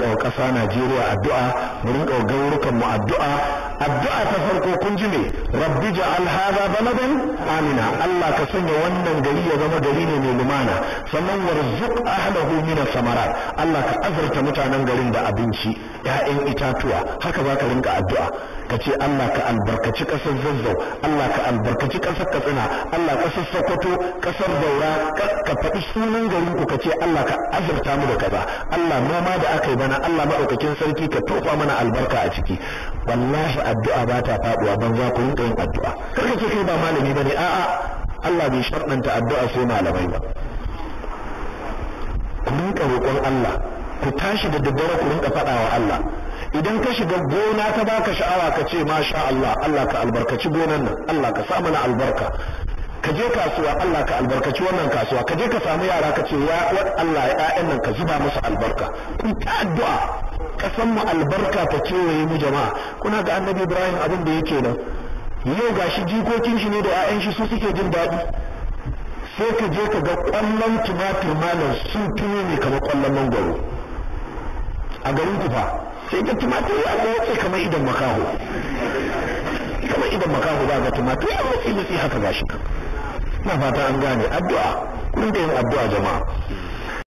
da ƙasa Najeriya addu'a mu rinka gaurukan mu addu'a addu'a ta farko kun ji ne rabbi ja'al hadha baladan amina Allah ka sanya wannan gari ya zama gari ne mai lumana sannan a ahlahu min samarat Allah ka azurta mutanen garin da abinci Ya'yan itatuwa haka zaka ka rinka addu'a ka ce Allah ka albarkaci ƙasar zazzau Allah ka albarkaci ƙasar katsina Allah ƙasar sokoto ƙasar daura ka faɗi sunan garin ku ka ce Allah ka azurta mu da kaza Allah noma da aka yi bana Allah maɗaukakin sarki ka tofa mana albarka a ciki wallahi addu'a ba ta faɗuwa ban za ku rinka yin addu'a kar ka ce kai ba malami bane a'a Allah bai sharɗanta addu'a sai malamai ba rinka roƙon Allah ku tashi da daddare ku rinka faɗa wa Allah idan ka shiga gona ta baka sha'awa ka ce masha Allah Allah ka albarkaci gonan nan Allah ka sa mana albarka ka je kasuwa Allah ka albarkaci wannan kasuwa ka je ka samu yara ka ce ya Allah ya ƴaƴan nan ka zuba musu albarka ku ta addu'a ka san mu albarka ta kewaye mu jama'a kuna ga annabi Ibrahim abin da yake nan yau gashi jikokin shi ne da ƴaƴan shi su suke jin daɗi sai ka je ka ga kwallon tumatir malam sun tuno ne kamar kwallon mangwaro a garin ku fa sai ka tumatir ya motsi kamar idan makaho kamar idan makaho ba ga tumatir ya motsi motsi haka gashi na fata an gane addu'a kun da yin addu'a jama'a